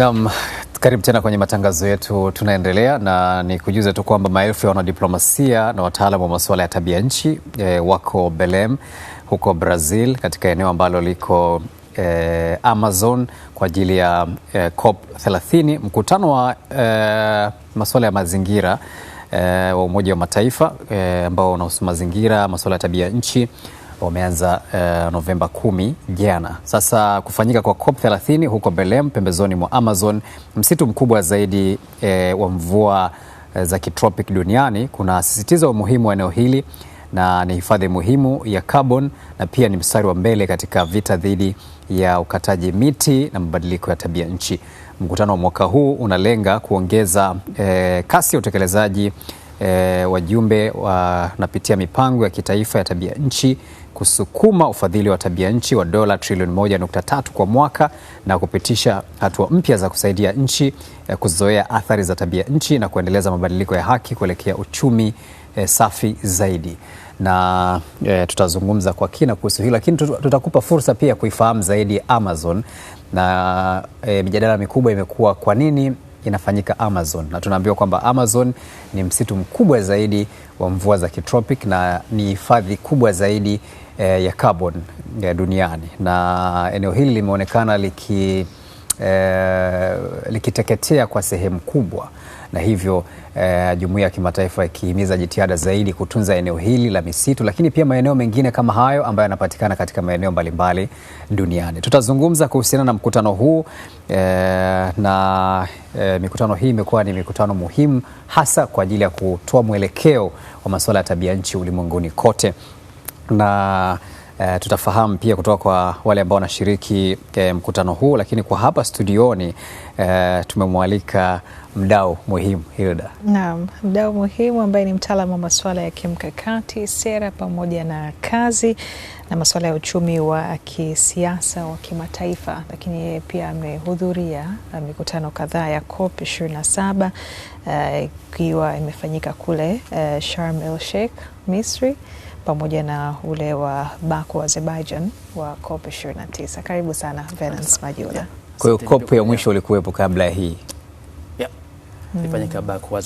Naam, karibu tena kwenye matangazo yetu. Tunaendelea na ni kujuza tu kwamba maelfu ya wanadiplomasia na wataalam wa masuala ya tabia nchi e, wako Belem huko Brazil, katika eneo ambalo liko e, Amazon kwa ajili ya e, COP 30, mkutano wa e, masuala ya mazingira e, wa Umoja wa Mataifa e, ambao unahusu mazingira, masuala ya tabia nchi wameanza uh, eh, Novemba kumi jana. Sasa kufanyika kwa COP 30 huko Belem pembezoni mwa Amazon, msitu mkubwa zaidi uh, wa mvua uh, za kitropic duniani, kuna kunasisitiza umuhimu wa eneo hili na ni hifadhi muhimu ya carbon na pia ni mstari wa mbele katika vita dhidi ya ukataji miti na mabadiliko ya tabia nchi. Mkutano wa mwaka huu unalenga kuongeza eh, kasi ya utekelezaji eh, wajumbe wanapitia mipango ya kitaifa ya tabia nchi kusukuma ufadhili wa tabia nchi wa dola trilioni 1.3 kwa mwaka na kupitisha hatua mpya za kusaidia nchi eh, kuzoea athari za tabia nchi na kuendeleza mabadiliko ya haki kuelekea uchumi eh, safi zaidi na e, tutazungumza kwa kina kuhusu hilo, lakini tutakupa fursa pia kuifahamu zaidi Amazon na e, mijadala mikubwa imekuwa kwa nini inafanyika Amazon, na tunaambiwa kwamba Amazon ni msitu mkubwa zaidi wa mvua za kitropic na ni hifadhi kubwa zaidi eh, ya carbon ya eh, duniani, na eneo hili limeonekana liki, eh, likiteketea kwa sehemu kubwa na hivyo eh, jumuiya ya kimataifa ikihimiza jitihada zaidi kutunza eneo hili la misitu, lakini pia maeneo mengine kama hayo ambayo yanapatikana katika maeneo mbalimbali duniani. Tutazungumza kuhusiana na mkutano huu eh, na eh, mikutano hii imekuwa ni mikutano muhimu hasa kwa ajili ya kutoa mwelekeo wa masuala ya tabia nchi ulimwenguni kote na e, tutafahamu pia kutoka kwa wale ambao wanashiriki e, mkutano huu, lakini kwa hapa studioni e, tumemwalika mdau muhimu Hilda. Naam, mdau muhimu ambaye ni mtaalamu wa masuala ya kimkakati, sera pamoja na kazi na masuala ya uchumi wa kisiasa wa kimataifa, lakini yeye pia amehudhuria mikutano kadhaa ya COP 27 ikiwa uh, imefanyika kule uh, Sharm el Sheikh Misri pamoja na ule wa Baku Azerbaijan wa COP 29. Karibu sana Venance Majula. Kwa hiyo COP ya mwisho ulikuwepo kabla ya hii? ilifanyika Baku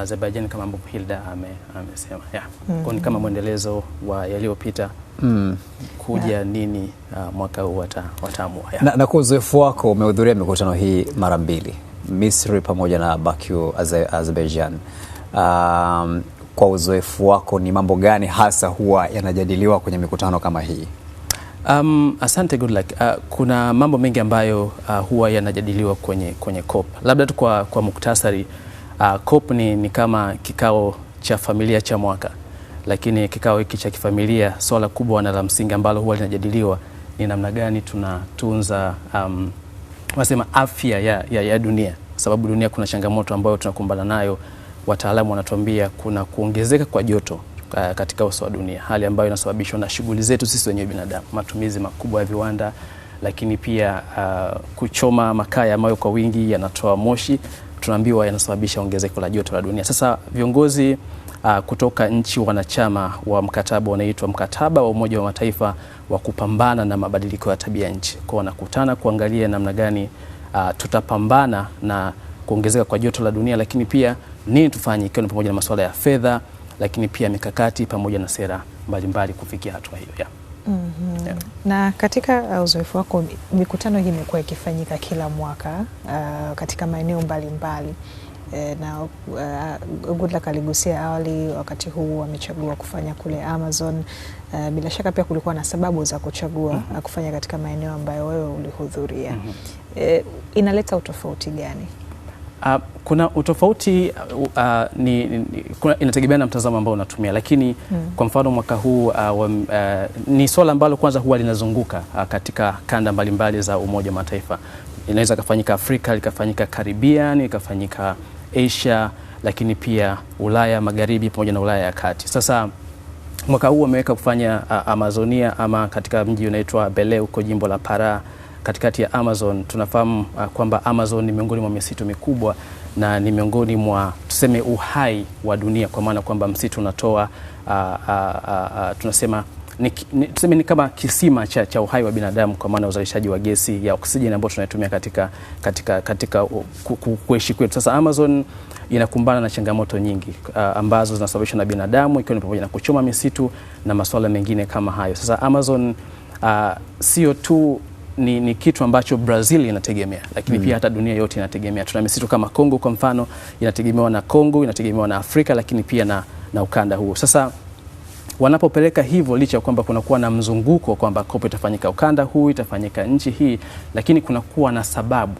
Azerbaijan kama ambapo Hilda amesema, ame yeah. mm. Kwa ni kama mwendelezo wa yaliyopita mm. kuja yeah. nini uh, mwaka huu wataamua yeah. Na, na kwa uzoefu wako umehudhuria mikutano hii mara mbili Misri pamoja na Baku Azerbaijan um, kwa uzoefu wako, ni mambo gani hasa huwa yanajadiliwa kwenye mikutano kama hii? Um, asante good luck. Uh, kuna mambo mengi ambayo uh, huwa yanajadiliwa kwenye, kwenye COP. Labda tu kwa, kwa muktasari uh, COP ni, ni kama kikao cha familia cha mwaka, lakini kikao hiki cha kifamilia swala kubwa na la msingi ambalo huwa linajadiliwa ni namna gani tunatunza um, wanasema afya ya, ya, ya dunia, sababu dunia kuna changamoto ambayo tunakumbana nayo wataalamu wanatuambia kuna kuongezeka kwa joto uh, katika uso wa dunia, hali ambayo inasababishwa na shughuli zetu sisi wenyewe binadamu, matumizi makubwa ya viwanda, lakini pia uh, kuchoma makaa mawe kwa wingi yanatoa moshi, tunaambiwa yanasababisha ongezeko la joto la dunia. Sasa viongozi uh, kutoka nchi wanachama wa mkataba unaitwa mkataba wa Umoja wa Mataifa wa kupambana na mabadiliko ya tabia nchi, kwao wanakutana kuangalia namna gani uh, tutapambana na kuongezeka kwa joto la dunia, lakini pia nini tufanye, ikiwa ni pamoja na masuala ya fedha, lakini pia mikakati pamoja na sera mbalimbali kufikia hatua hiyo yeah. Mm -hmm. Yeah. Na katika uh, uzoefu wako mikutano hii imekuwa ikifanyika kila mwaka uh, katika maeneo mbalimbali e, na uh, Goodluck aligusia awali wakati huu wamechagua kufanya kule Amazon. Uh, bila shaka pia kulikuwa na sababu za kuchagua mm -hmm. kufanya katika maeneo ambayo wewe ulihudhuria mm -hmm. E, inaleta utofauti gani? Uh, kuna utofauti uh, ni, ni, inategemea na mtazamo ambao unatumia, lakini mm. Kwa mfano mwaka huu uh, uh, ni swala ambalo kwanza huwa linazunguka uh, katika kanda mbalimbali za Umoja wa Mataifa. Inaweza ikafanyika Afrika, likafanyika Caribbean, ikafanyika Asia, lakini pia Ulaya Magharibi pamoja na Ulaya ya Kati. Sasa mwaka huu wameweka kufanya uh, Amazonia ama katika mji unaitwa Bele huko jimbo la Para katikati ya Amazon. Tunafahamu uh, kwamba Amazon ni miongoni mwa misitu mikubwa na ni miongoni mwa tuseme uhai wa dunia, kwa maana kwamba msitu unatoa uh, uh, uh, uh tunasema ni, ni, tuseme ni kama kisima cha, cha uhai wa binadamu kwa maana ya uzalishaji wa gesi ya oksijeni ambayo tunaitumia katika, katika, katika uh, kuishi kwetu. Sasa Amazon inakumbana na changamoto nyingi uh, ambazo zinasababishwa na binadamu ikiwa ni pamoja na kuchoma misitu na masuala mengine kama hayo. Sasa Amazon uh, sio tu ni, ni kitu ambacho Brazil inategemea lakini mm. pia hata dunia yote inategemea. Tuna misitu kama Kongo kwa mfano inategemewa na Kongo, inategemewa na Afrika lakini pia na, na ukanda huo. Sasa wanapopeleka hivyo, licha ya kwamba kunakuwa na mzunguko kwamba kopo itafanyika ukanda huu, itafanyika nchi hii, lakini kunakuwa na sababu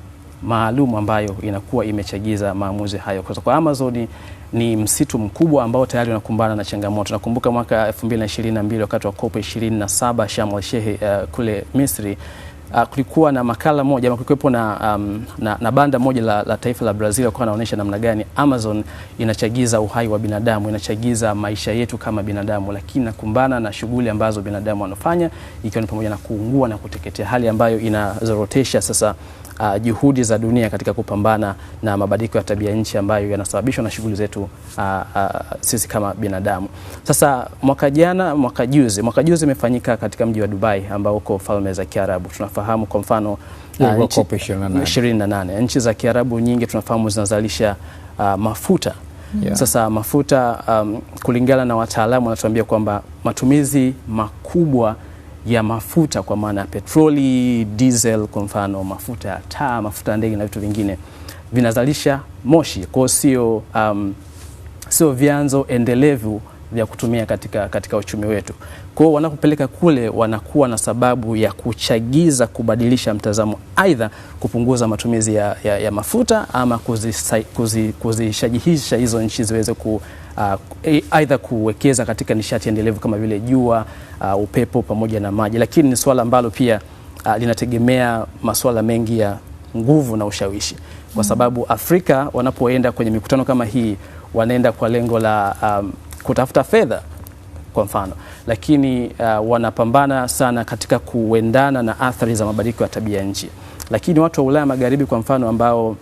maalum ambayo inakuwa imechagiza maamuzi hayo. Kwa, sababu Amazon ni msitu mkubwa ambao tayari unakumbana na changamoto. Nakumbuka mwaka 2022 wakati wa COP 27 Sharm el Sheikh uh, eh, kule Misri uh, kulikuwa na makala moja ama kulikuwepo na, um, na, na banda moja la, la taifa la Brazil kwa anaonyesha namna gani Amazon inachagiza uhai wa binadamu, inachagiza maisha yetu kama binadamu, lakini nakumbana na shughuli ambazo binadamu wanafanya ikiwa ni pamoja na kuungua na kuteketea, hali ambayo inazorotesha sasa uh, juhudi za dunia katika kupambana na mabadiliko ya tabia nchi ambayo yanasababishwa na shughuli zetu uh, uh, sisi kama binadamu. Sasa mwaka jana, mwaka juzi, mwaka juzi imefanyika katika mji wa Dubai ambao uko Falme za Kiarabu. Tunafahamu kwa mfano uh, nchi nane nchi za Kiarabu nyingi tunafahamu zinazalisha uh, mafuta Yeah. Sasa mafuta um, kulingana na wataalamu wanatuambia kwamba matumizi makubwa ya mafuta kwa maana ya petroli, diesel, kwa mfano mafuta ya taa, mafuta ya ndege na vitu vingine vinazalisha moshi, kwa sio um, sio vyanzo endelevu vya kutumia katika, katika uchumi wetu. Kwa hiyo wanapopeleka kule wanakuwa na sababu ya kuchagiza kubadilisha mtazamo, aidha kupunguza matumizi ya, ya, ya mafuta ama kuzishajihisha kuzi hizo nchi ziweze ku, Uh, aidha kuwekeza katika nishati endelevu kama vile jua uh, upepo pamoja na maji, lakini ni swala ambalo pia uh, linategemea masuala mengi ya nguvu na ushawishi, kwa mm-hmm. sababu Afrika wanapoenda kwenye mikutano kama hii wanaenda kwa lengo la um, kutafuta fedha kwa mfano, lakini uh, wanapambana sana katika kuendana na athari za mabadiliko ya tabia nchi, lakini watu wa Ulaya Magharibi kwa mfano ambao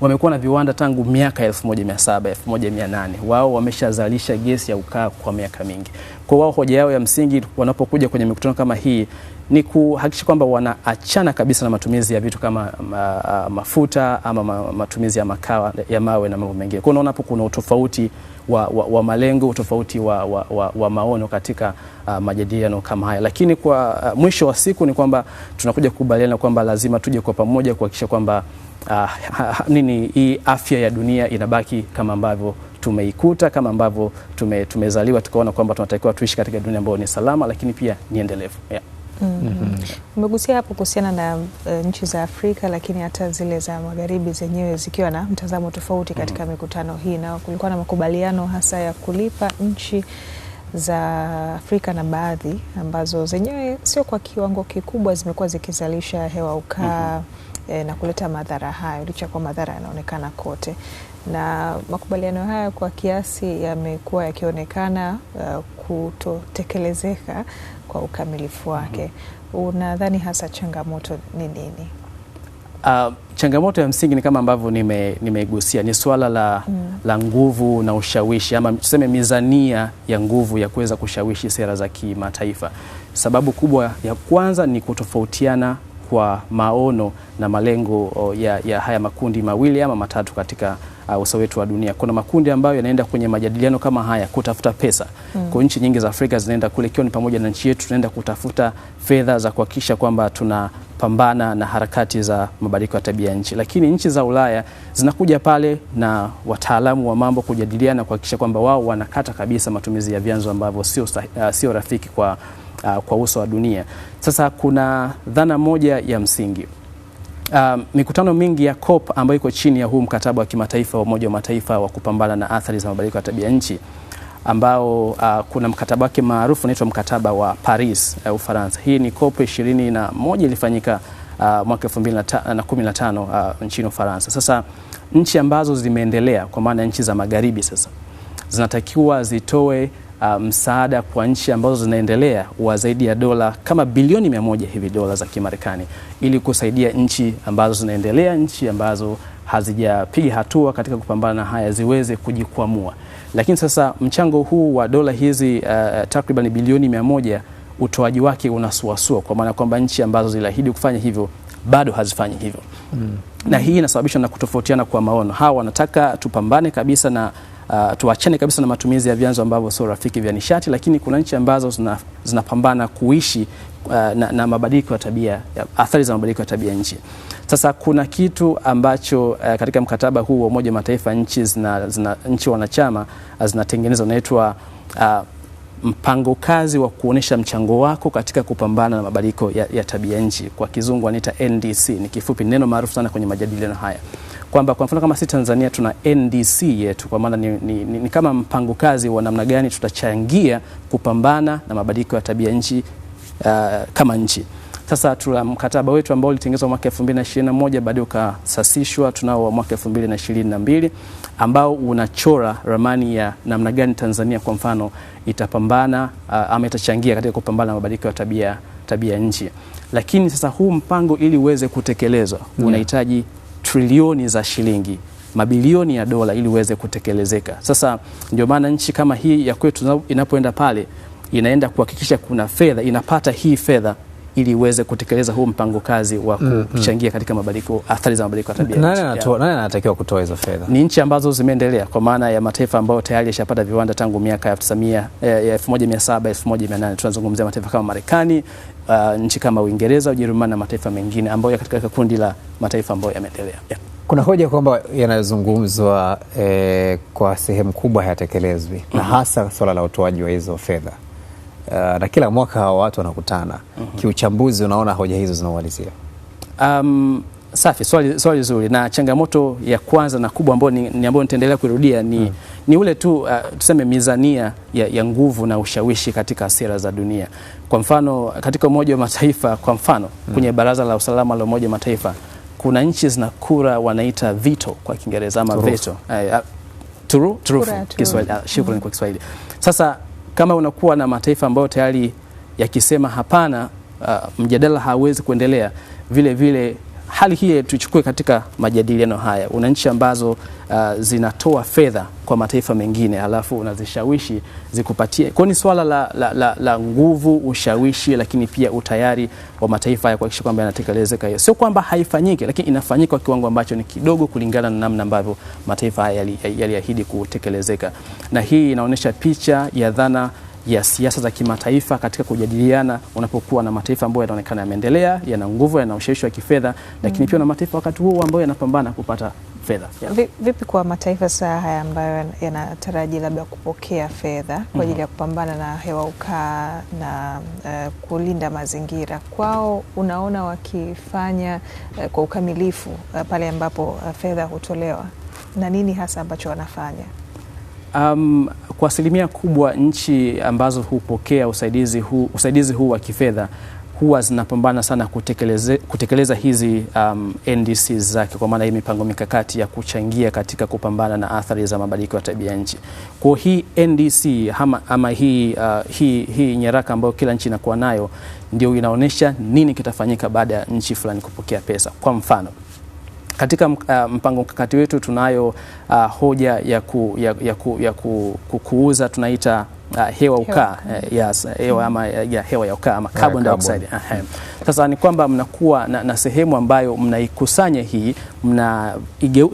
wamekuwa na viwanda tangu miaka 1700 1800. Wao wameshazalisha gesi ya ukaa kwa miaka mingi. Kwa wao hoja yao ya msingi wanapokuja kwenye mikutano kama hii ni kuhakikisha kwamba wanaachana kabisa na matumizi ya vitu kama ma, mafuta ama ma, matumizi ya makaa ya mawe na mambo mengine. Kwa hiyo unaona hapo kuna utofauti wa, wa, wa malengo, utofauti wa, wa, wa, wa maono katika majadiliano kama haya, lakini kwa a, mwisho wa siku ni kwamba tunakuja kukubaliana kwamba lazima tuje kwa pamoja kuhakikisha kwamba uh, nini hii afya ya dunia inabaki kama ambavyo tumeikuta kama ambavyo tume, tumezaliwa tukaona kwamba tunatakiwa tuishi katika dunia ambayo ni salama lakini pia ni endelevu yeah. Mm -hmm. Umegusia hapo kuhusiana na uh, nchi za Afrika lakini hata zile za magharibi zenyewe zikiwa na mtazamo tofauti katika mm -hmm. mikutano hii, na kulikuwa na makubaliano hasa ya kulipa nchi za Afrika na baadhi ambazo zenyewe sio kwa kiwango kikubwa zimekuwa zikizalisha hewa ukaa mm -hmm eh, na kuleta madhara hayo, licha kuwa madhara yanaonekana kote, na makubaliano haya kwa kiasi yamekuwa yakionekana uh, kutotekelezeka kwa ukamilifu wake. Mhm. Unadhani hasa changamoto ni nini? Uh, changamoto ya msingi ni kama ambavyo nimegusia nime ni swala la, mm. la nguvu na ushawishi ama tuseme mizania ya nguvu ya kuweza kushawishi sera za kimataifa. Sababu kubwa ya kwanza ni kutofautiana kwa maono na malengo ya, ya haya makundi mawili ama matatu katika uh, uso wetu wa dunia. Kuna makundi ambayo yanaenda kwenye majadiliano kama haya kutafuta pesa. Mm. Kwa nchi nyingi za Afrika zinaenda kule, ikiwa ni pamoja na nchi yetu, tunaenda kutafuta fedha za kuhakikisha kwamba tuna pambana na harakati za mabadiliko ya tabia ya nchi. Lakini nchi za Ulaya zinakuja pale na wataalamu wa mambo kujadiliana kuhakikisha kwamba wao wanakata kabisa matumizi ya vyanzo ambavyo sio uh, sio rafiki kwa uh, kwa uso wa dunia. Sasa kuna dhana moja ya msingi Uh, mikutano mingi ya COP ambayo iko chini ya huu mkataba wa kimataifa wa Umoja wa Mataifa wa kupambana na athari za mabadiliko ya tabia nchi ambao uh, kuna mkataba wake maarufu unaitwa mkataba wa Paris uh, Ufaransa. Hii ni COP ishirini ilifanyika uh, mwaka 2015 uh, nchini Ufaransa. Sasa nchi ambazo zimeendelea kwa maana nchi za magharibi sasa zinatakiwa zitoe uh, msaada kwa nchi ambazo zinaendelea wa zaidi ya dola kama bilioni mia moja hivi dola za Kimarekani ili kusaidia nchi ambazo zinaendelea, nchi ambazo hazijapiga hatua katika kupambana na haya ziweze kujikwamua. Lakini sasa mchango huu wa dola hizi uh, takriban bilioni mia moja utoaji wake unasuasua, kwa maana kwamba nchi ambazo ziliahidi kufanya hivyo bado hazifanyi hivyo mm. Na hii inasababishwa na kutofautiana kwa maono. Hawa wanataka tupambane kabisa na Uh, tuachane kabisa na matumizi ya vyanzo ambavyo sio rafiki vya nishati, lakini kuna nchi ambazo zinapambana zina kuishi uh, na, na mabadiliko ya tabia, athari za mabadiliko ya tabia nchi. Sasa kuna kitu ambacho uh, katika mkataba huu wa Umoja Mataifa nchi zina, zina, nchi wanachama uh, zinatengeneza unaitwa uh, mpango kazi wa kuonesha mchango wako katika kupambana na mabadiliko ya, ya tabia nchi, kwa kizungu anaita NDC, ni kifupi, neno maarufu sana kwenye majadiliano haya kwamba kwa mfano kama sisi Tanzania tuna NDC yetu, kwa maana ni, ni, ni, ni kama mpango kazi wa namna gani tutachangia kupambana na mabadiliko ya tabia nchi uh, kama nchi. Sasa tuna mkataba wetu ambao ulitengenezwa mwaka 2021 baadaye ukasasishwa, tunao wa mwaka 2022 ambao unachora ramani ya namna gani Tanzania kwa mfano itapambana uh, ama itachangia katika kupambana na mabadiliko ya tabia tabia nchi. Lakini sasa huu mpango ili uweze kutekelezwa yeah, unahitaji trilioni za shilingi mabilioni ya dola ili uweze kutekelezeka. Sasa ndio maana nchi kama hii ya kwetu inapoenda pale inaenda kuhakikisha kuna fedha inapata hii fedha ili iweze kutekeleza huu mpango kazi wa mm-hmm. kuchangia katika mabadiliko, athari za mabadiliko ya tabia. Nani anatakiwa kutoa hizo fedha? Ni nchi ambazo zimeendelea kwa maana ya mataifa ambayo tayari yashapata viwanda tangu miaka 1900 ya 1700 1800. Tunazungumzia mataifa kama Marekani, uh, nchi kama Uingereza, Ujerumani na mataifa mengine ambayo katika kundi la mataifa ambayo yameendelea yeah. Kuna hoja kwamba yanayozungumzwa eh, kwa sehemu kubwa hayatekelezwi mm -hmm. na mm-hmm. hasa swala la utoaji wa hizo fedha uh, na kila mwaka hawa watu wanakutana mm -hmm. Kiuchambuzi, unaona hoja hizo zinaualizia um, Safi, swali, swali zuri. Na changamoto ya kwanza na kubwa ambayo ni ni ambayo nitaendelea kurudia ni, mm. ni ule tu uh, tuseme mizania ya, ya nguvu na ushawishi katika sera za dunia. Kwa mfano katika Umoja wa Mataifa, kwa mfano mm. kwenye Baraza la Usalama la Umoja wa Mataifa kuna nchi zina kura wanaita veto kwa Kiingereza ama veto eh, uh, turu turufu Kiswahili, uh, shukrani hmm. kwa Kiswahili. Sasa kama unakuwa na mataifa ambayo tayari yakisema hapana, uh, mjadala hawezi kuendelea vile vile hali hii tuichukue katika majadiliano haya. Una nchi ambazo uh, zinatoa fedha kwa mataifa mengine alafu unazishawishi zikupatie. Kwa ni swala la, la, la, la nguvu, ushawishi, lakini pia utayari wa mataifa ya kuhakikisha kwamba yanatekelezeka hiyo. Sio kwamba haifanyiki, lakini inafanyika kwa kiwango ambacho ni kidogo kulingana na namna ambavyo mataifa haya yaliahidi yali kutekelezeka, na hii inaonyesha picha ya dhana ya siasa za kimataifa katika kujadiliana, unapokuwa na mataifa ambayo yanaonekana yameendelea, yana nguvu, yana ushawishi wa kifedha, lakini mm. pia na mataifa wakati huo ambayo yanapambana kupata fedha. Yeah. Vipi kwa mataifa saa haya ambayo yanataraji labda kupokea fedha kwa mm-hmm. ajili mm -hmm. ya kupambana na hewa ukaa na uh, kulinda mazingira kwao, unaona wakifanya uh, kwa ukamilifu uh, pale ambapo uh, fedha hutolewa na nini hasa ambacho wanafanya? Um, kwa asilimia kubwa nchi ambazo hupokea usaidizi huu, usaidizi huu wa kifedha huwa zinapambana sana kutekeleza, kutekeleza hizi um, NDCs zake kwa maana hii mipango mikakati ya kuchangia katika kupambana na athari za mabadiliko ya tabia nchi. Kwa hii NDC ama, ama hii, uh, hii, hii nyaraka ambayo kila nchi inakuwa nayo ndio inaonyesha nini kitafanyika baada ya nchi fulani kupokea pesa. Kwa mfano katika uh, mpango mkakati wetu tunayo uh, hoja ya, ku, ya, ya, ku, ya ku, kukuuza tunaita uh, hewa ukaa hewa, eh, yes, hewa, ama, hmm. ya, hewa ya ukaa ama carbon dioxide. Hmm. Sasa ni kwamba mnakuwa na, na sehemu ambayo mnaikusanya hii mna,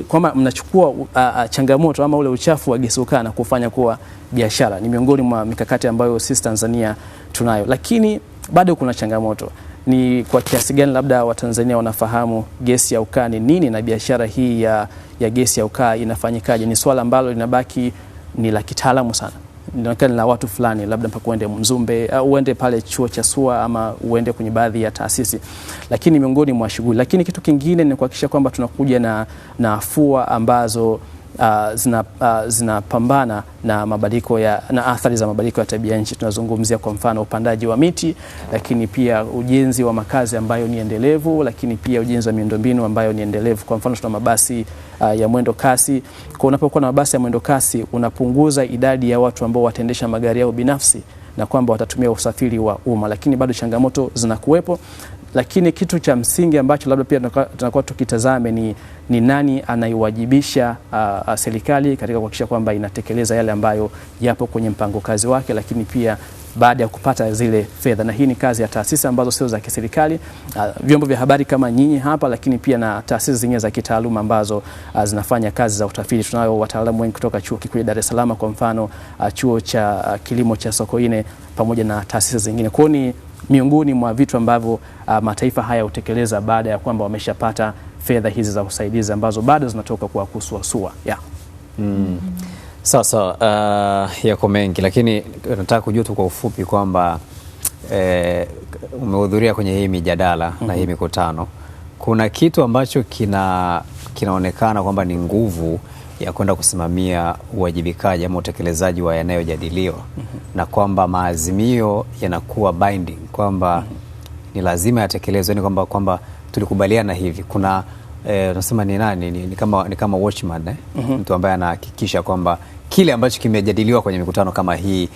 kwamba mnachukua uh, uh, changamoto ama ule uchafu wa gesi ukaa na kufanya kuwa biashara. Ni miongoni mwa mikakati ambayo sisi Tanzania tunayo, lakini bado kuna changamoto ni kwa kiasi gani labda Watanzania wanafahamu gesi ya ukaa ni nini na biashara hii ya, ya gesi ya ukaa inafanyikaje? Ni swala ambalo linabaki ni la kitaalamu sana, inaonekana la watu fulani, labda mpaka uende Mzumbe au uende pale chuo cha SUA ama uende kwenye baadhi ya taasisi, lakini miongoni mwa shughuli. Lakini kitu kingine ni kuhakikisha kwamba tunakuja na, na afua ambazo Uh, uh, zinapambana uh, zina na mabadiliko ya, na athari za mabadiliko ya tabia nchi. Tunazungumzia kwa mfano upandaji wa miti, lakini pia ujenzi wa makazi ambayo ni endelevu, lakini pia ujenzi wa miundombinu ambayo ni endelevu. Kwa mfano tuna mabasi uh, ya mwendo kasi. Kwa unapokuwa na mabasi ya mwendo kasi, unapunguza idadi ya watu ambao wataendesha magari yao binafsi na kwamba watatumia usafiri wa umma, lakini bado changamoto zinakuwepo lakini kitu cha msingi ambacho labda pia tunakuwa tukitazame ni, ni nani anaiwajibisha uh, serikali katika kuhakikisha kwamba inatekeleza yale ambayo yapo kwenye mpango kazi wake, lakini pia baada ya kupata zile fedha, na hii ni kazi ya taasisi ambazo sio za kiserikali, uh, vyombo vya habari kama nyinyi hapa, lakini pia na taasisi zingine za kitaaluma ambazo uh, zinafanya kazi za utafiti. Tunayo wataalamu wengi kutoka chuo kikuu Dar es Salaam, kwa mfano uh, chuo cha uh, kilimo cha Sokoine pamoja na taasisi zingine kwao ni miongoni mwa vitu ambavyo uh, mataifa haya hutekeleza baada ya kwamba wameshapata fedha hizi za usaidizi ambazo bado zinatoka kwa kusuasua yeah. mm. Mm. Sasa uh, yako mengi lakini nataka kujua tu kwa ufupi kwamba eh, umehudhuria kwenye hii mijadala mm -hmm. na mhm. hii mikutano, kuna kitu ambacho kina kinaonekana kwamba ni nguvu ya kwenda kusimamia uwajibikaji ama utekelezaji wa yanayojadiliwa mm na kwamba maazimio yanakuwa binding kwamba mm -hmm. ni lazima yatekelezwe, ni kwamba kwamba tulikubaliana hivi. Kuna eh, unasema eh, ni nani ni, ni kama, ni kama watchman eh? mm -hmm. mtu ambaye anahakikisha kwamba kile ambacho kimejadiliwa kwenye mikutano kama hii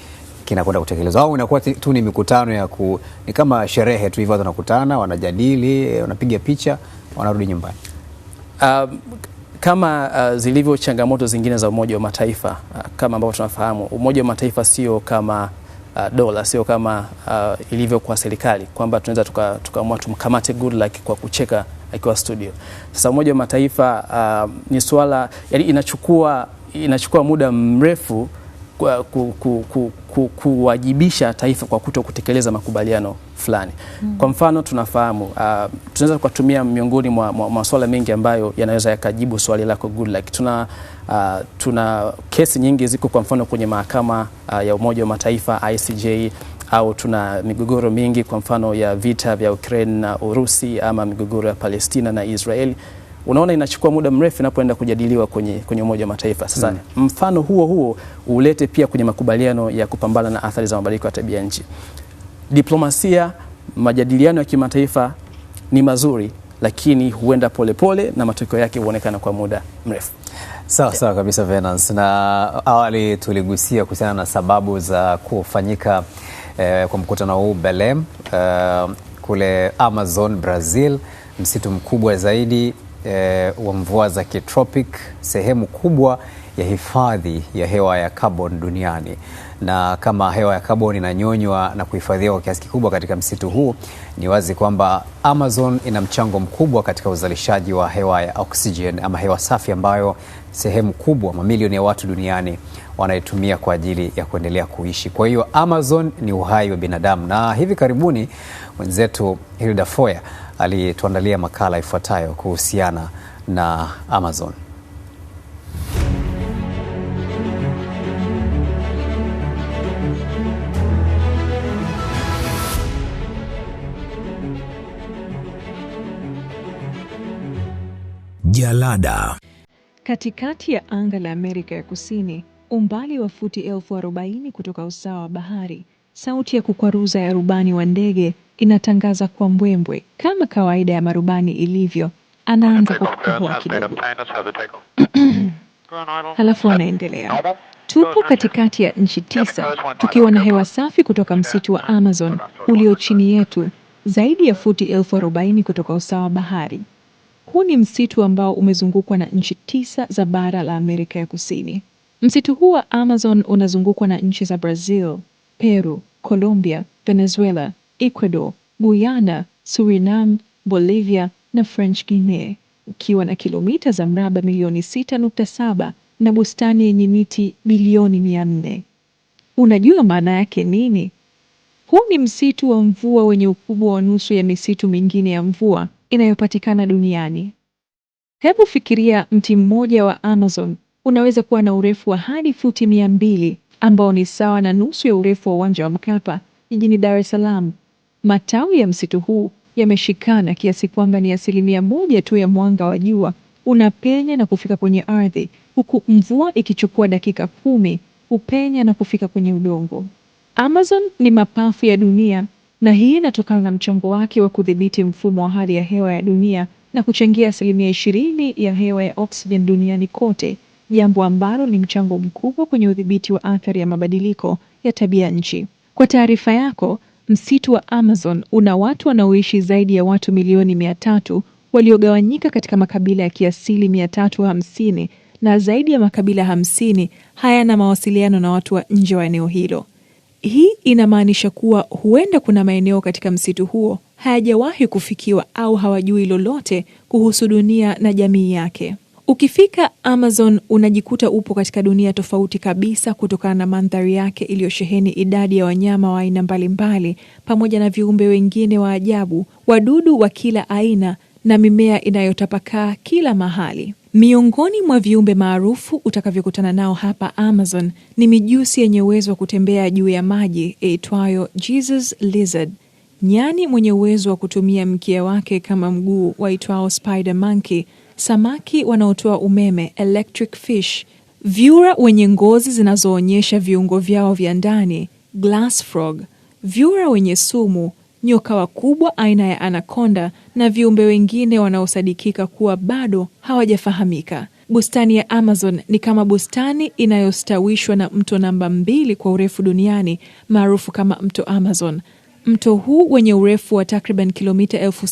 kinakwenda kutekelezwa, au inakuwa tu ni mikutano ya ku, ni kama sherehe tu hivyo, watu wanakutana, wanajadili, eh, wanapiga picha, wanarudi nyumbani. Um, kama uh, zilivyo changamoto zingine za Umoja wa Mataifa uh, kama ambavyo tunafahamu Umoja wa Mataifa sio kama uh, dola, sio kama uh, ilivyo kwa serikali kwamba tunaweza tukaamua tuka tumkamate luck kwa kucheka akiwa studio. Sasa Umoja wa Mataifa uh, ni swala yani, inachukua inachukua muda mrefu kuwajibisha ku, ku, ku, taifa kwa kuto kutekeleza makubaliano fulani. Mm. Kwa mfano tunafahamu, uh, tunaweza tukatumia miongoni mwa masuala mengi ambayo yanaweza yakajibu swali lako good Tuna, uh, tuna kesi nyingi ziko kwa mfano kwenye mahakama uh, ya Umoja wa Mataifa ICJ au tuna migogoro mingi kwa mfano ya vita vya Ukraine na Urusi ama migogoro ya Palestina na Israeli unaona inachukua muda mrefu inapoenda kujadiliwa kwenye, kwenye Umoja wa Mataifa. Sasa mm. mfano huo huo ulete pia kwenye makubaliano ya kupambana na athari za mabadiliko ya tabia nchi. Diplomasia, majadiliano ya kimataifa ni mazuri lakini huenda polepole pole, na matokeo yake huonekana kwa muda mrefu. Sawa sawa kabisa Venance. Na awali tuligusia kuhusiana na sababu za kufanyika eh, kwa mkutano huu Belem eh, kule Amazon Brazil, msitu mkubwa zaidi e, wa mvua za kitropic sehemu kubwa ya hifadhi ya hewa ya kaboni duniani. Na kama hewa ya kaboni inanyonywa na kuhifadhiwa kwa kiasi kikubwa katika msitu huu, ni wazi kwamba Amazon ina mchango mkubwa katika uzalishaji wa hewa ya oxygen ama hewa safi ambayo sehemu kubwa, mamilioni ya watu duniani wanaitumia kwa ajili ya kuendelea kuishi. Kwa hiyo Amazon ni uhai wa binadamu, na hivi karibuni mwenzetu Hilda Foya aliyetuandalia makala ifuatayo kuhusiana na Amazon. Jalada. Katikati ya anga la Amerika ya Kusini, umbali wa futi elfu arobaini kutoka usawa wa bahari, Sauti ya kukwaruza ya rubani wa ndege inatangaza kwa mbwembwe, kama kawaida ya marubani ilivyo, anaanza kwa kukohoa kidogo halafu anaendelea. Tupo katikati ya nchi tisa, tukiwa na hewa safi kutoka msitu wa Amazon ulio chini yetu, zaidi ya futi elfu arobaini kutoka usawa wa bahari. Huu ni msitu ambao umezungukwa na nchi tisa za bara la Amerika ya Kusini. Msitu huu wa Amazon unazungukwa na nchi za Brazil, Peru, Colombia, Venezuela, Ecuador, Guyana, Suriname, Bolivia na French Guiana, ukiwa na kilomita za mraba milioni 6.7 na bustani yenye miti milioni 400. Unajua maana yake nini? Huu ni msitu wa mvua wenye ukubwa wa nusu ya misitu mingine ya mvua inayopatikana duniani. Hebu fikiria mti mmoja wa Amazon unaweza kuwa na urefu wa hadi futi mia mbili ambao ni sawa na nusu ya urefu wa uwanja wa Mkapa jijini Dar es Salaam. Matawi ya msitu huu yameshikana kiasi kwamba ni asilimia moja tu ya mwanga wa jua unapenya na kufika kwenye ardhi, huku mvua ikichukua dakika kumi kupenya na kufika kwenye udongo. Amazon ni mapafu ya dunia na hii inatokana na mchango wake wa kudhibiti mfumo wa hali ya hewa ya dunia na kuchangia asilimia ishirini ya hewa ya oksijeni duniani kote jambo ambalo ni mchango mkubwa kwenye udhibiti wa athari ya mabadiliko ya tabia nchi. Kwa taarifa yako, msitu wa Amazon una watu wanaoishi zaidi ya watu milioni mia tatu waliogawanyika katika makabila ya kiasili mia tatu hamsini na zaidi ya makabila hamsini hayana mawasiliano na watu wa nje wa eneo hilo. Hii inamaanisha kuwa huenda kuna maeneo katika msitu huo hayajawahi kufikiwa au hawajui lolote kuhusu dunia na jamii yake. Ukifika Amazon unajikuta upo katika dunia tofauti kabisa kutokana na mandhari yake iliyosheheni idadi ya wanyama wa aina mbalimbali pamoja na viumbe wengine wa ajabu, wadudu wa kila aina na mimea inayotapakaa kila mahali. Miongoni mwa viumbe maarufu utakavyokutana nao hapa Amazon ni mijusi yenye uwezo wa kutembea juu ya maji iitwayo Jesus Lizard, nyani mwenye uwezo wa kutumia mkia wake kama mguu waitwao Spider Monkey samaki wanaotoa umeme electric fish, vyura wenye ngozi zinazoonyesha viungo vyao vya ndani glass frog, vyura wenye sumu, nyoka wakubwa aina ya anaconda na viumbe wengine wanaosadikika kuwa bado hawajafahamika. Bustani ya Amazon ni kama bustani inayostawishwa na mto namba mbili kwa urefu duniani maarufu kama mto Amazon Mto huu wenye urefu wa takriban kilomita elfu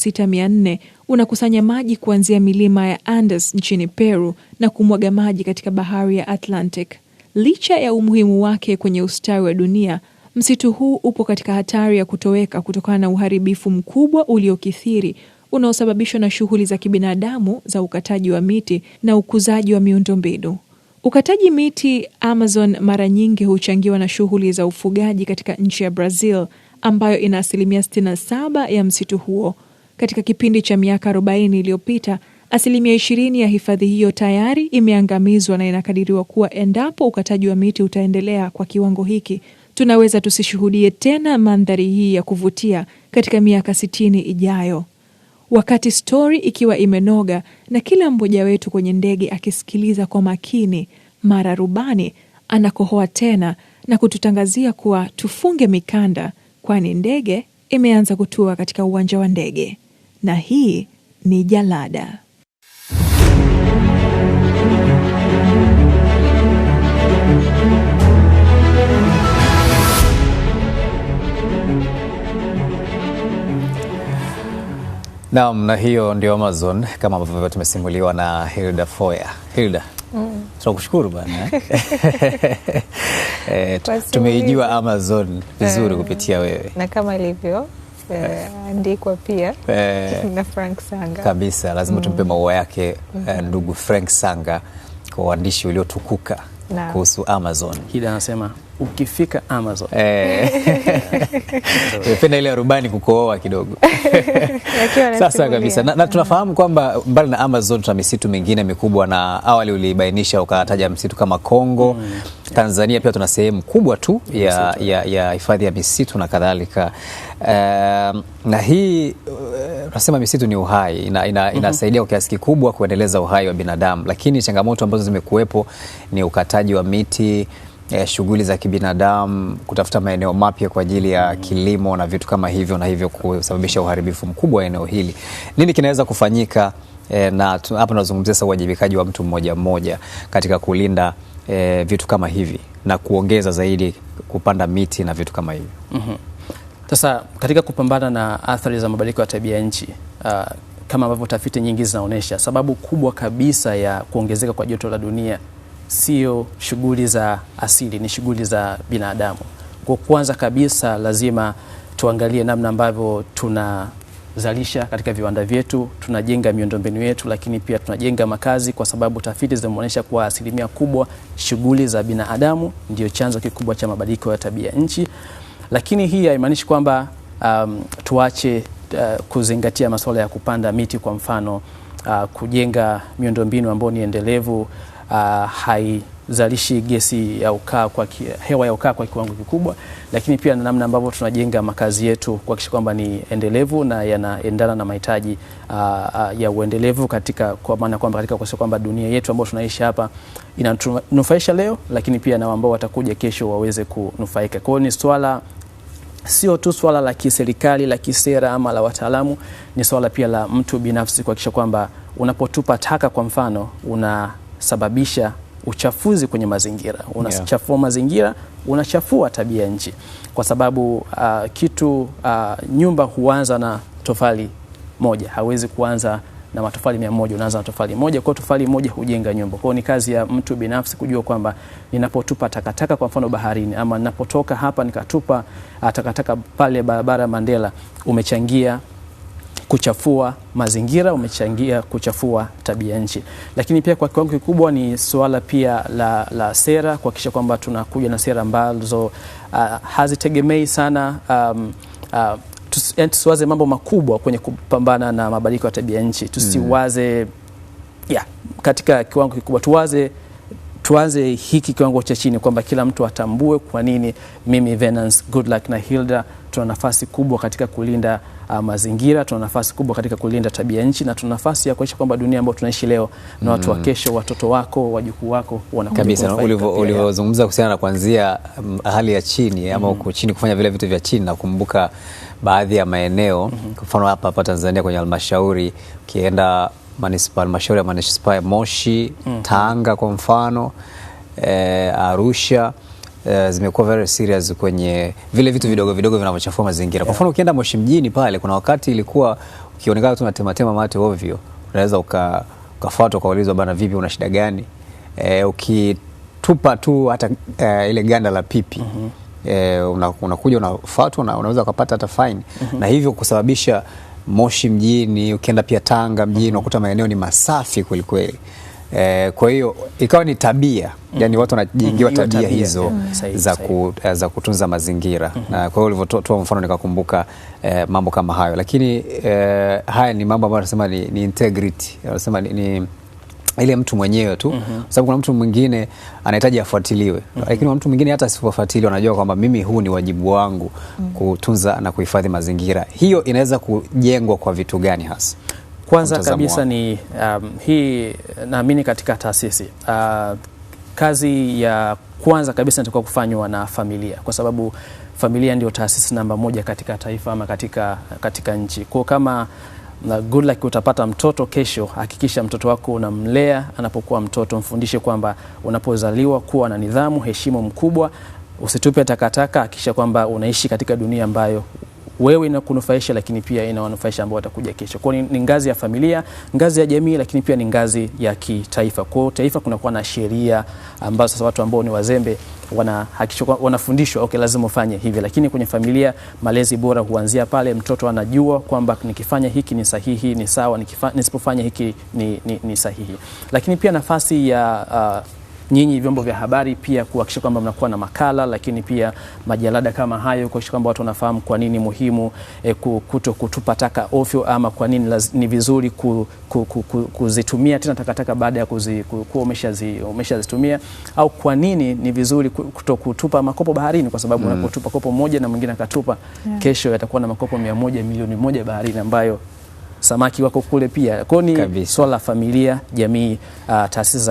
unakusanya maji kuanzia milima ya Andes nchini Peru na kumwaga maji katika bahari ya Atlantic. Licha ya umuhimu wake kwenye ustawi wa dunia, msitu huu upo katika hatari ya kutoweka kutokana na uharibifu mkubwa uliokithiri unaosababishwa na shughuli za kibinadamu za ukataji wa miti na ukuzaji wa miundombinu. Ukataji miti Amazon mara nyingi huchangiwa na shughuli za ufugaji katika nchi ya Brazil ambayo ina asilimia 67 ya msitu huo. Katika kipindi cha miaka 40 iliyopita, asilimia 20 ya hifadhi hiyo tayari imeangamizwa na inakadiriwa kuwa endapo ukataji wa miti utaendelea kwa kiwango hiki, tunaweza tusishuhudie tena mandhari hii ya kuvutia katika miaka 60 ijayo. Wakati stori ikiwa imenoga na kila mmoja wetu kwenye ndege akisikiliza kwa makini, mara rubani anakohoa tena na kututangazia kuwa tufunge mikanda kwani ndege imeanza kutua katika uwanja wa ndege, na hii ni jalada. nam na hiyo ndio Amazon kama ambavyo tumesimuliwa na Hilda Foya. Hilda, Mm. Tunakushukuru bana e, eh? eh, tumeijua Amazon vizuri eh, kupitia wewe na kama ilivyo andikwa pia na Frank Sanga kabisa, lazima mm. tumpe maua yake mm ndugu Frank Sanga kwa uandishi uliotukuka kuhusu Amazon. Kida anasema ukifika Amazon eh. penda ile arubani kukooa kidogo sasa kabisa na, na tunafahamu kwamba mbali na Amazon tuna misitu mingine mikubwa, na awali ulibainisha ukataja msitu kama Kongo mm. Tanzania pia tuna sehemu kubwa tu ya hifadhi ya, ya, ya misitu na kadhalika. Uh, na hii eh, tunasema uh, misitu ni uhai ina, ina, mm-hmm. inasaidia mm -hmm. kwa kiasi kikubwa kuendeleza uhai wa binadamu, lakini changamoto ambazo zimekuwepo ni ukataji wa miti eh, shughuli za kibinadamu, kutafuta maeneo mapya kwa ajili ya kilimo na vitu kama hivyo, na hivyo kusababisha uharibifu mkubwa wa eneo hili. Nini kinaweza kufanyika? Eh, na hapa tunazungumzia sasa uwajibikaji wa mtu mmoja mmoja katika kulinda eh, vitu kama hivi na kuongeza zaidi kupanda miti na vitu kama hivi. Mm-hmm. Sasa katika kupambana na athari za mabadiliko ya tabia nchi uh, kama ambavyo tafiti nyingi zinaonyesha, sababu kubwa kabisa ya kuongezeka kwa joto la dunia sio shughuli za asili, ni shughuli za binadamu. Kwa kwanza kabisa lazima tuangalie namna ambavyo tunazalisha katika viwanda vyetu, tunajenga miundombinu yetu, lakini pia tunajenga makazi, kwa sababu tafiti zimeonyesha kuwa asilimia kubwa shughuli za binadamu ndio chanzo kikubwa cha mabadiliko ya tabia nchi. Lakini hii haimaanishi kwamba um, tuache uh, kuzingatia masuala ya kupanda miti kwa mfano, uh, kujenga miundombinu ambayo ni endelevu Ah, haizalishi gesi ya ukaa kwa ki, hewa ya ukaa kwa kiwango kikubwa, lakini pia na namna ambavyo tunajenga makazi yetu kuhakikisha kwamba ni endelevu na yanaendana na mahitaji uh, uh, ya uendelevu katika, kwa maana kwamba katika kuhakikisha kwamba dunia yetu ambayo tunaishi hapa inanufaisha leo, lakini pia na ambao watakuja kesho waweze kunufaika. Kwa hiyo ni swala sio tu swala la kiserikali la kisera ama la wataalamu, ni swala pia la mtu binafsi kuhakikisha kwamba unapotupa taka kwa mfano una sababisha uchafuzi kwenye mazingira. Unachafua yeah. mazingira, unachafua tabia nchi, kwa sababu uh, kitu uh, nyumba huanza na tofali moja, hawezi kuanza na matofali mia moja. Unaanza na tofali moja, kwa tofali moja hujenga nyumba. Kwa hiyo ni kazi ya mtu binafsi kujua kwamba ninapotupa takataka kwa mfano baharini, ama ninapotoka hapa nikatupa uh, takataka pale barabara Mandela, umechangia kuchafua mazingira, umechangia kuchafua tabia nchi. Lakini pia kwa kiwango kikubwa ni suala pia la, la sera, kuhakikisha kwamba tunakuja na sera ambazo uh, hazitegemei sana um, uh, tusiwaze mambo makubwa kwenye kupambana na mabadiliko ya tabia nchi, tusiwaze yeah, katika kiwango kikubwa tuwaze tuanze hiki kiwango cha chini kwamba kila mtu atambue kwa nini mimi Venance Goodluck na Hilda tuna nafasi kubwa katika kulinda uh, mazingira, tuna nafasi kubwa katika kulinda tabia nchi na tuna nafasi ya kuhakikisha kwamba dunia ambayo tunaishi leo na watu wa mm. kesho, watoto wako, wajukuu wako wanakuja kabisa. Ulivyozungumza kuhusiana na kuanzia um, hali ya chini ama mm chini kufanya vile vitu vya chini, nakumbuka baadhi ya maeneo mm -hmm. mfano hapa hapa Tanzania kwenye halmashauri ukienda halmashauri ya manispaa Moshi mm -hmm. Tanga kwa mfano eh, Arusha Eh, zimekuwa very serious kwenye vile vitu vidogo vidogo vinavyochafua mazingira. Kwa mfano yeah. Ukienda Moshi mjini pale kuna wakati ilikuwa ukionekana tu unatematema mate ovyo unaweza ukafuatwa uka, ukafuatwa ukaulizwa bana, vipi una shida gani? E, ukitupa tu hata e, ile ganda la pipi mm -hmm. e, unakuja una unafuatwa na unaweza ukapata hata fine mm -hmm. na hivyo kusababisha Moshi mjini, ukienda pia Tanga mjini mm -hmm. unakuta maeneo ni masafi kwelikweli. Eh, kwa hiyo ikawa ni tabia mm. Yani watu wanajiingiwa mm. tabia, tabia hizo mm. za, ku, eh, za kutunza mazingira mm -hmm. Kwa hiyo ulivyotoa mfano nikakumbuka eh, mambo kama hayo, lakini eh, haya ni mambo ambayo anasema ni, ni integrity anasema ni, ni ile mtu mwenyewe tu mm -hmm. Sababu kuna mtu mwingine anahitaji afuatiliwe mm -hmm. Lakini mtu mwingine hata asipofuatiliwa anajua kwamba mimi huu ni wajibu wangu mm -hmm. kutunza na kuhifadhi mazingira. Hiyo inaweza kujengwa kwa vitu gani hasa? Kwanza kabisa ni um, hii naamini katika taasisi uh, kazi ya kwanza kabisa inatakiwa kufanywa na familia, kwa sababu familia ndio taasisi namba moja katika taifa ama katika, katika nchi. Kwa kama na uh, good luck utapata mtoto kesho, hakikisha mtoto wako unamlea anapokuwa mtoto, mfundishe kwamba unapozaliwa kuwa na nidhamu, heshimu mkubwa, usitupe takataka, hakikisha kwamba unaishi katika dunia ambayo wewe inakunufaisha, lakini pia inawanufaisha ambao watakuja kesho. Kwa hiyo ni, ni ngazi ya familia, ngazi ya jamii, lakini pia ni ngazi ya kitaifa. Kwa taifa kunakuwa na sheria ambazo sasa watu ambao ni wazembe wanahakikisha wanafundishwa, okay, lazima ufanye hivi, lakini kwenye familia malezi bora huanzia pale mtoto anajua kwamba nikifanya hiki ni sahihi, ni sawa, nisipofanya hiki ni, ni, ni sahihi, lakini pia nafasi ya uh, nyinyi vyombo vya habari pia kuhakikisha kwamba mnakuwa na makala, lakini pia majalada kama hayo, kuhakikisha kwamba watu wanafahamu kwa nini muhimu e, kuto kutupa taka ovyo ama kwa nini ni vizuri ku, ku, ku, ku, kuzitumia tena takataka baada ya kuwa umeshazitumia au kwa nini ni vizuri kuto kutupa makopo baharini, kwa sababu mm. unapotupa kopo moja na mwingine akatupa yeah. kesho yatakuwa na makopo mia moja milioni moja baharini ambayo samaki wako kule pia. Kwa ni swala la familia, jamii, uh, taasisi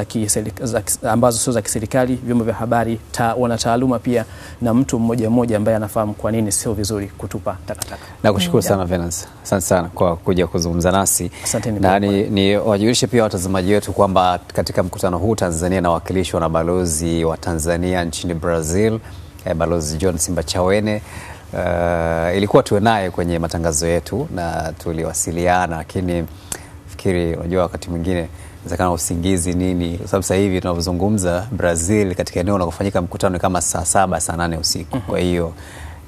ambazo sio za kiserikali, vyombo vya habari, ta, wanataaluma pia na mtu mmoja mmoja ambaye anafahamu kwa nini sio vizuri kutupa takataka. Nakushukuru sana Venance, asante sana kwa kuja kuzungumza nasi na ni, ni wajulishe pia watazamaji wetu kwamba katika mkutano huu Tanzania inawakilishwa na balozi wa Tanzania nchini Brazil, eh, Balozi John Simbachawene. Uh, ilikuwa tuwe naye kwenye matangazo yetu na tuliwasiliana, lakini fikiri, unajua wakati mwingine inawezekana usingizi nini, kwa sababu sasa hivi tunavyozungumza Brazil, katika eneo unakofanyika mkutano kama saa saba saa nane usiku. Mhm. Kwa hiyo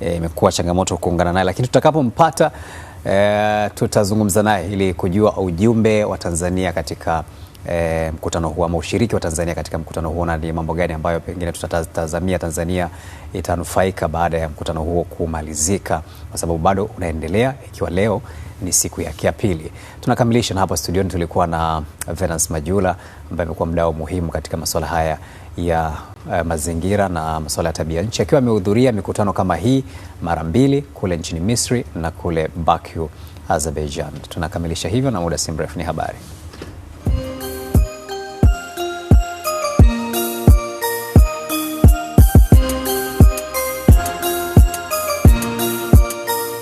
eh, imekuwa e, changamoto kuungana naye, lakini tutakapompata e, tutazungumza naye ili kujua ujumbe wa Tanzania katika e, mkutano huu ama ushiriki wa Tanzania katika mkutano huu na ni mambo gani ambayo pengine tutatazamia Tanzania itanufaika baada ya mkutano huo kumalizika, kwa sababu bado unaendelea, ikiwa leo ni siku yake ya pili. Tunakamilisha na hapa studioni tulikuwa na Venance Majula ambaye amekuwa mdau muhimu katika masuala haya ya eh, mazingira na masuala ya tabia nchi akiwa amehudhuria mikutano kama hii mara mbili kule nchini Misri na kule Baku, Azerbaijan. Tunakamilisha hivyo na muda si mrefu ni habari.